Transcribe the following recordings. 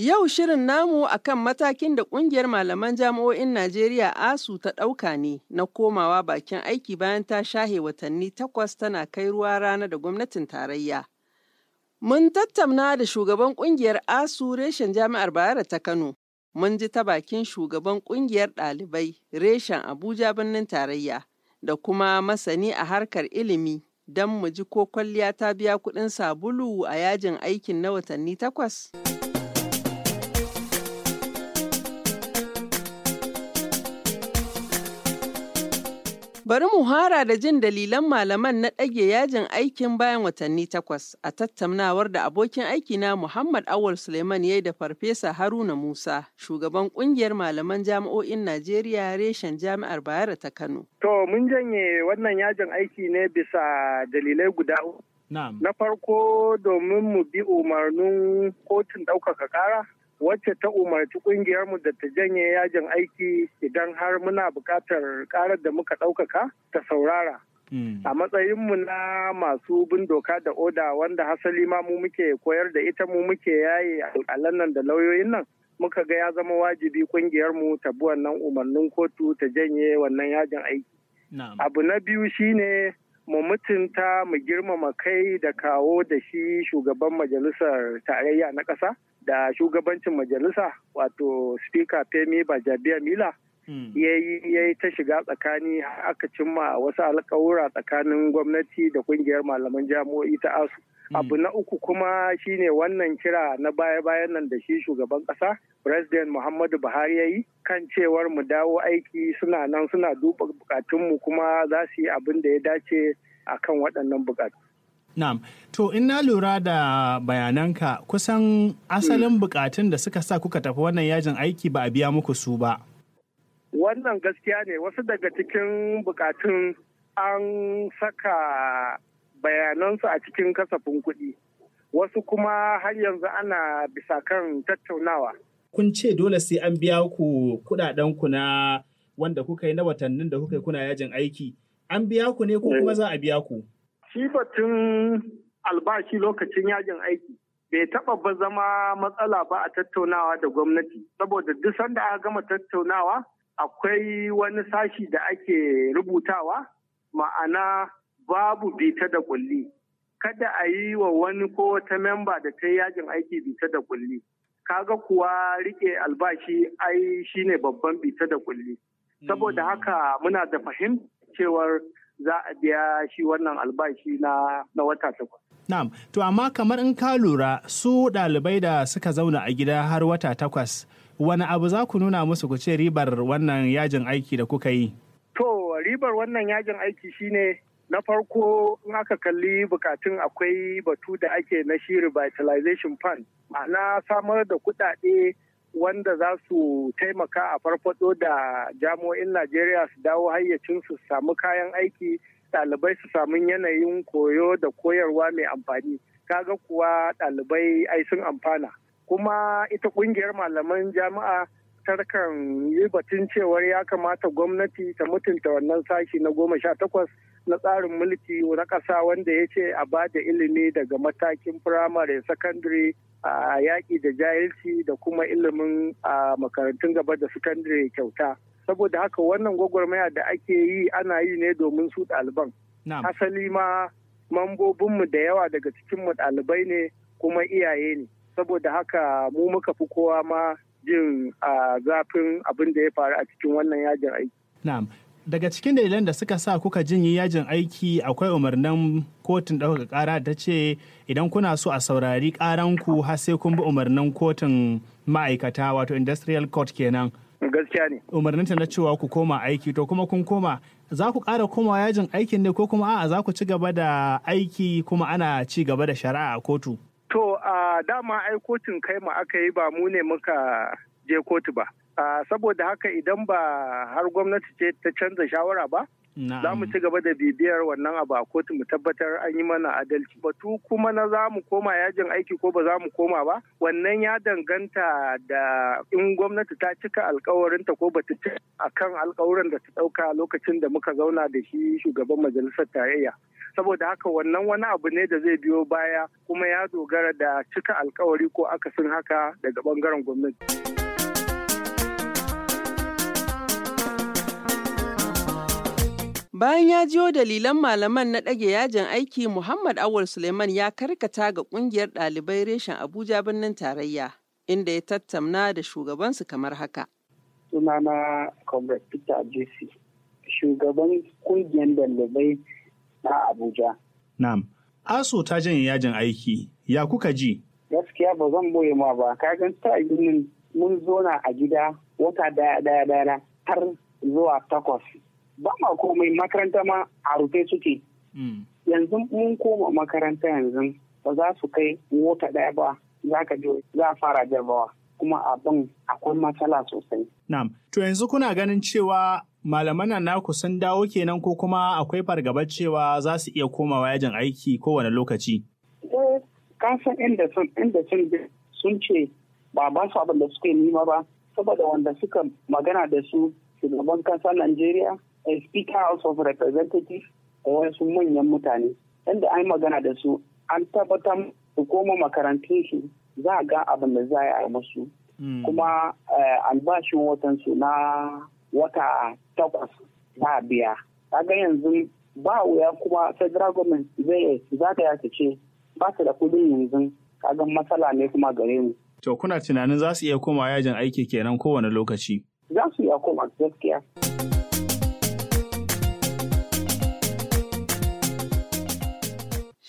Yau shirin namu akan matakin da kungiyar malaman jami'o'in Najeriya ASU ta ɗauka ne na komawa bakin aiki bayan ta shahe watanni takwas tana kai ruwa rana da gwamnatin tarayya. Mun tattauna da shugaban kungiyar ASU reshen jami'ar Bayero ta Kano. Mun ji ta bakin shugaban kungiyar ɗalibai reshen Abuja birnin tarayya da kuma masani a harkar ilimi don mu ji ko kwalliya ta biya kuɗin sabulu a yajin aikin na watanni takwas. Bari mu hara da jin dalilan malaman na ɗage yajin aikin bayan watanni takwas a tattaunawar da abokin aiki na Muhammad Awal Suleiman ya da Farfesa Haruna Musa, shugaban ƙungiyar malaman jami'o'in Najeriya reshen jami'ar Bayero ta Kano. To mun janye wannan yajin aiki ne bisa dalilai guda Na farko domin mu bi umarnin kotun ɗaukaka ƙara. wacce ta umarci mu da ta janye yajin aiki idan har muna bukatar ƙarar da muka ɗaukaka ta saurara. Hmm. A matsayinmu na masu bin doka da oda wanda hasali ma mu muke koyar da ita mu muke yaye alƙalan nan da lauyoyin nan muka ga ya zama wajibi mu ta bi wannan umarnin kotu ta janye wannan yajin aiki. Abu na biyu shine mu mutunta mu girmama kai da kawo da shi shugaban majalisar tarayya na ƙasa. da shugabancin majalisa wato speaker femi bajabiya mila hmm. ya yi ta shiga tsakani aka cimma wasu alkawura tsakanin gwamnati da kungiyar malaman jami'o'i ta asu hmm. abu na uku kuma shine wannan kira na baya-bayan nan da shi shugaban kasa president muhammadu buhari ya yi kan cewar mu dawo aiki suna nan suna duba bukatunmu kuma za su yi abin da ya dace akan waɗannan bukatu Na'am, to in na lura da bayananka kusan asalin bukatun da suka sa kuka tafi wannan yajin aiki ba a biya muku su ba. Wannan gaskiya ne wasu daga cikin bukatun an saka bayanansu a cikin kasafin kuɗi. Wasu kuma har yanzu ana bisa kan tattaunawa. Kun ce dole sai an biya ku kuɗaɗen ku na wanda kuka yi na watannin da kuka yi kuna yajin aiki. An biya ku ne ko kuma eh. za a biya ku? shi batun albashi lokacin yajin aiki bai taba ba zama matsala ba a tattaunawa da gwamnati saboda duk sanda aka gama tattaunawa akwai wani sashi da ake rubutawa ma'ana babu bita da kulli kada a yi wa wani ko wata memba da ta yajin aiki bita da kulli kaga kuwa rike albashi ai shine babban bita da kulli saboda hmm. haka muna da fahim cewar za a biya shi wannan albashi na na wata takwas. Na'am, to amma kamar in ka lura su ɗalibai da suka zauna a gida har wata takwas, wani abu za ku nuna musu ku ce ribar wannan yajin aiki da kuka yi? To, ribar wannan yajin aiki shine na farko in aka kalli bukatun akwai batu da ake na shi revitalization fund, ma'ana samar da kuɗaɗe wanda za su taimaka a farfado da jami'o'in Najeriya su dawo hayyacin su samu kayan aiki ɗalibai su samu yanayin koyo da koyarwa mai amfani kaga kuwa ɗalibai ai sun amfana kuma ita ƙungiyar malaman jami'a tarkan yi batun cewar ya kamata gwamnati ta mutunta wannan sashi na goma sha takwas na tsarin mulki na ƙasa wanda ya ce a ba da ilimi daga matakin firamare sakandare a yaƙi da jahilci da kuma ilimin a makarantun gaba da sakandare kyauta saboda haka wannan gwagwarmaya da ake yi ana yi ne domin su ɗaliban asali ma mambobinmu da yawa daga cikinmu ɗalibai ne kuma iyaye ne saboda haka mu muka fi kowa ma jin zafin abin da ya faru a cikin wannan yajin aiki daga cikin dalilan da suka sa kuka yi yajin aiki akwai umarnin kotun ɗaukaka ƙara ta ce idan kuna so a saurari ƙaranku har sai kun bi umarnin kotun ma'aikata wato industrial court kenan gaskiya ne umarnin ta na cewa ku koma aiki to kuma kun koma za ku ƙara komawa yajin aikin ne ko kuma a'a za ku ci gaba da aiki kuma ana ci gaba da shari'a a kotu to a dama ai kotun kai ma aka yi ba mu ne muka je kotu ba saboda haka idan ba har gwamnati ce ta canza shawara ba za mu ci gaba da bibiyar wannan abu a kotu mu tabbatar an yi mana adalci batu kuma na za mu koma yajin aiki ko ba za mu koma ba wannan ya danganta da in gwamnati ta cika alkawarinta ko ba ta ci akan alkawarin da ta ɗauka lokacin da muka zauna da shi shugaban majalisar tarayya saboda haka wannan wani abu ne da zai biyo baya kuma ya dogara da cika alkawari ko akasin haka daga bangaren gwamnati. Bayan ya jiyo dalilan malaman na ɗage yajin aiki, Muhammad Awar Suleiman ya karkata ga ƙungiyar ɗalibai reshen Abuja birnin tarayya, inda ya tattamna da shugabansu kamar haka. Sunana Comrade Peter JC, shugaban ƙungiyar ɗalibai na Abuja. Nam, ASO ta janye yajin aiki, ya kuka ji? Gaskiya ba zan boye ma ba, gan ta mun zona a gida wata daya daya har zuwa takwas ba ma komai makaranta ma a rufe suke hmm. yanzu mun koma makaranta yanzu ba za su kai mota ɗaya ba za ka je za a fara jarbawa kuma abin akwai matsala sosai. Na'am, to yanzu kuna ganin cewa malaman naku sun dawo kenan ko kuma akwai fargabar cewa za su iya komawa yajin aiki kowane lokaci? Eh, kasan inda sun inda sun sun ce ba ba su abin da suka nima ba saboda wanda suka magana da su shugaban kasar Najeriya a speaker house of representatives a wasu manyan mutane inda an yi magana da su an tabbatar su koma makarantun su za a ga abin da za a yi musu hmm. kuma eh, albashin watansu na wata takwas za a biya kaga yanzu ba wuya kuma federal government zai za ta yasa ce ba su da kudin yanzu kaga matsala ne kuma gare mu to kuna tunanin za su iya koma yajin aiki kenan kowane lokaci za su iya koma gaskiya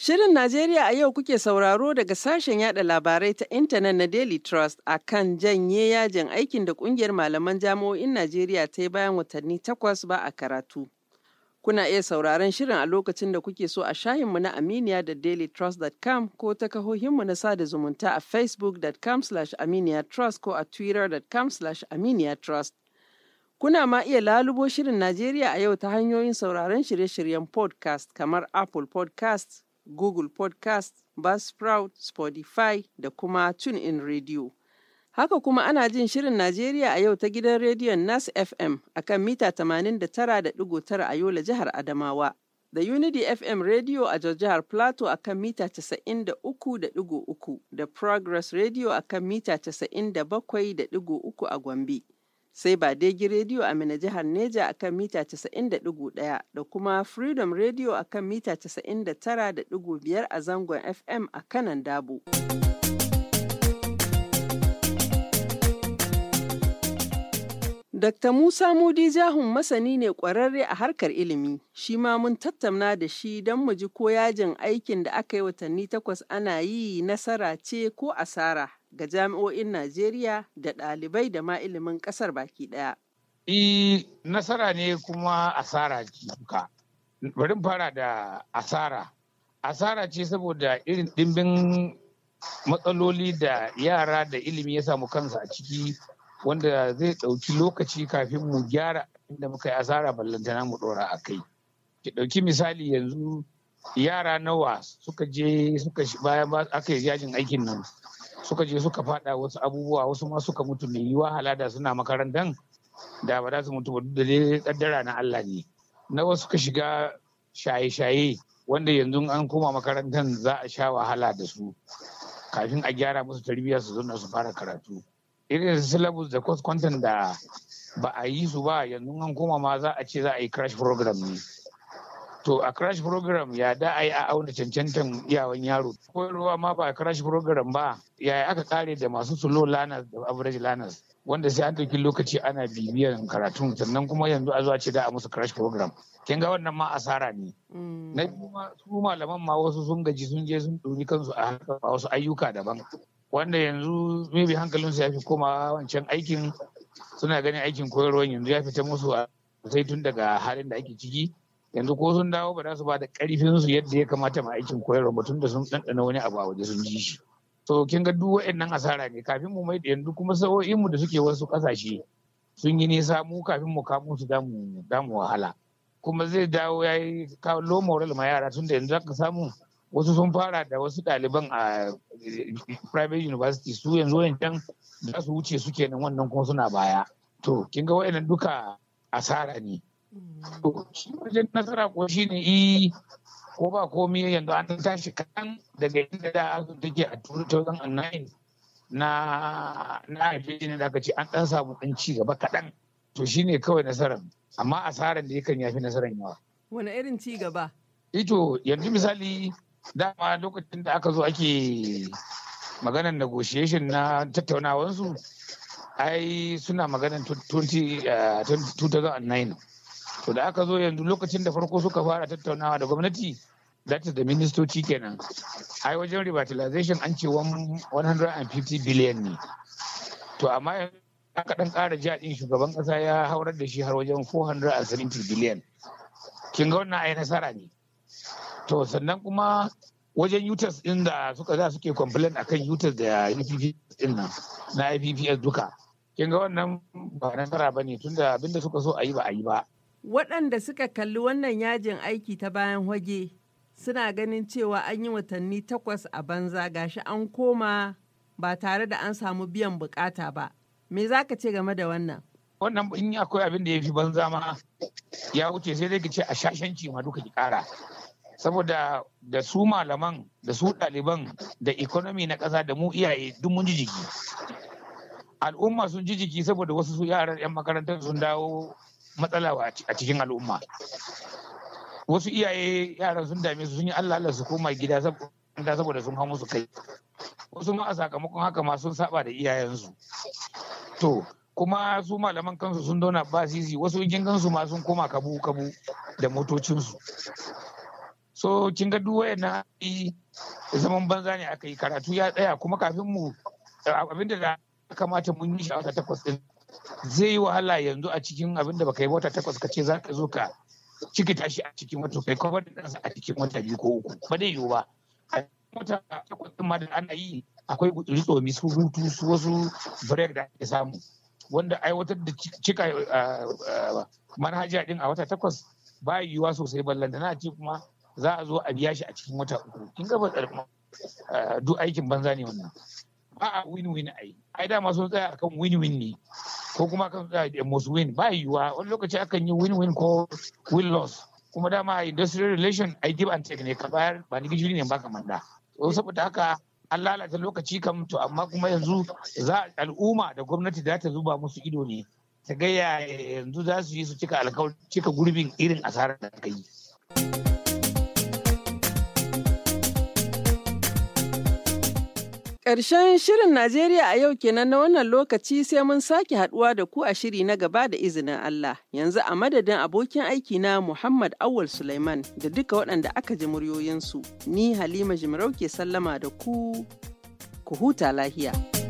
Shirin Najeriya a yau kuke sauraro daga sashen yada labarai ta intanet na Daily Trust a kan janye yajin aikin da kungiyar malaman jami'o'in Najeriya ta yi bayan watanni takwas ba a karatu. Kuna iya sauraron shirin a lokacin da kuke so a shahinmu na Aminiya da dailytrust.com ko ta kahohinmu na sada zumunta a facebook.com slash aminiyatrust ko a twitter.com aminiyatrust. Kuna ma iya lalubo shirin Najeriya a yau ta hanyoyin sauraron shirye-shiryen podcast kamar Apple Podcasts. Google Podcast, Buzzsprout, Spotify da kuma TuneIn Radio. Haka kuma ana jin Shirin Najeriya a yau ta gidan rediyon Nas FM a kan mita 89.9 a Yola jihar Adamawa. Da Unity FM Radio a jihar Plateau a kan mita 93.3 da Progress Radio a kan mita 97.3 a Gombe. sai ba daigi rediyo a mina jihar Neja a kan mita 90.1 da kuma Freedom Radio a kan mita 99.5 a zangon FM a kanan Dabo. Dr. Musa Mudi Jahun masani ne kwararre a harkar ilimi, shi ma mun tattauna da shi don mu ji ko yajin aikin da aka yi watanni takwas ana yi nasara ce ko asara ga jami'o'in Najeriya da ɗalibai da ma ilimin ƙasar baki ɗaya. E, nasara ne kuma asara ce. duka. Bari fara da asara. Asara ce saboda irin ɗimbin matsaloli da yara da ilimi ya samu kansa a ciki wanda zai ɗauki lokaci kafin mu gyara inda muka yi asara ballantana mu ɗora a kai. Ki ɗauki misali yanzu yara nawa suka je suka bayan aka yi yajin aikin nan suka je suka fada wasu abubuwa wasu ma suka mutu mai yiwa halada suna makarantan da ba za su mutu da daddara na Allah ne na wasu suka shiga shaye-shaye wanda yanzu an koma makarantar za a sha wahala da su kafin a gyara musu tarbiyya su zo su fara karatu irin syllabus da course content da ba a yi su ba yanzu an koma ma za a ce za a yi crash program ne to a crash program ya da a yi a auna cancantan iyawan yaro koyarwa ma ba a crash program ba yaya aka kare da masu slow learners da average learners wanda sai an ɗauki lokaci ana bibiyan karatun sannan kuma yanzu a zuwa ce da a musu crash program kin ga wannan ma asara ne mm. na su malaman ma wasu sun gaji sun je sun ɗori kansu a wasu ayyuka daban wanda yanzu maybe hankalinsu ya fi koma wancan aikin suna ganin aikin koyarwa yanzu ya fita musu a sai tun daga halin da ake ciki yanzu ko sun dawo ba za su ba da karfin su yadda ya kamata ma aikin koyarwa mutum da sun ɗanɗana wani abu a waje sun ji shi to kin ga duk waɗannan asara ne kafin mu mai da yanzu kuma sa'o'in mu da suke wasu kasashe sun yi nisa mu kafin mu kamo su damu damu wahala kuma zai dawo ya yi kawo moral ma yara tunda da yanzu aka samu wasu sun fara da wasu ɗaliban a private university su yanzu wancan za su wuce suke nan wannan kuma suna baya to kin ga waɗannan duka asara ne wajen nasara ko shi ne i eh, ko ba komi yanzu an tashi kan daga inda da aka take a turu ta wajen na na ne da aka ce an dan samu dan ci gaba kaɗan to shi ne kawai nasarar amma asarar da yakan yafi nasarar yawa wani irin ci gaba ito eh yanzu misali dama lokacin da aka zo ake maganar negotiation na tattaunawansu ai suna maganar 2009 to da aka zo yanzu lokacin da farko suka fara tattaunawa da gwamnati that da ministoci kenan ai wajen revitalization an ce 150 billion ne to amma yanzu aka dan kara jaɗin shugaban kasa ya haurar da shi har wajen 470 billion kin ga wannan ai nasara ne to sannan kuma wajen utas din da suka za suke complain akan utas da ipps e din nan na ipps e duka kin ga wannan ba nasara ba ne tunda abinda suka so ayi ba a yi ba Waɗanda suka kalli wannan yajin aiki ta bayan hoge suna ganin cewa an yi watanni takwas a banza gashi an koma ba tare da an samu biyan bukata ba. Me za ka ce game da wannan? Wannan in akwai abin da ya fi banza ma ya wuce sai dai ki ce a shashanci ma duka ki kara. Saboda da su malaman da su ɗaliban da ikonomi na ƙasa da mu iyaye duk mun jijiki. jiki. Al'umma sun jijiki saboda wasu su yaran 'yan makarantar sun dawo matsala a cikin al'umma wasu iyaye yaran sun dame su sun yi allah allah su koma gida saboda sun hau su kai wasu ma a sakamakon haka ma sun saba da iyayensu to kuma su malaman kansu sun dona basisi wasu kin kansu ma sun koma kabu kabu da motocinsu so kin ga duk yi zaman banza ne aka yi karatu ya tsaya kuma kafin mu abinda da kamata mun yi shi takwas din zai yi wahala yanzu a cikin abin da baka yi wata takwas ka ce za ka zo ka ciki tashi a cikin wata kai kuma da ɗansa a cikin wata biyu ko uku ba zai yiwu ba a cikin wata takwas ɗin ma da ana yi akwai ritsomi su hutu su wasu break da ake samu wanda aiwatar da cika eh, eh, manhaja ɗin a wata takwas ba yiwuwa sosai da na ce kuma za a zo a biya shi a cikin wata uku kin ga eh, duk aikin banza ne wannan a'a win-win ai ai dama sun tsaya akan win-win ne ko kuma kan tsaya da most win ba yiwuwa wani lokaci akan yi win-win ko win-loss kuma dama industrial relation ai give and take ne ka bayar ba ni gijiri ne baka manda to saboda haka an lalata lokaci kam to amma kuma yanzu za al'umma da gwamnati za ta zuba musu ido ne ta gaya yanzu za su yi su cika alkawar cika gurbin irin asarar da aka yi. Karshen shirin Najeriya a yau kenan na wannan lokaci sai mun sake haduwa da ku a shiri na gaba da izinin Allah. Yanzu a madadin abokin aiki na Muhammad Awal Sulaiman da duka waɗanda aka ji muryoyinsu, ni Halima Jimarau ke sallama da ku, ku huta lahiya.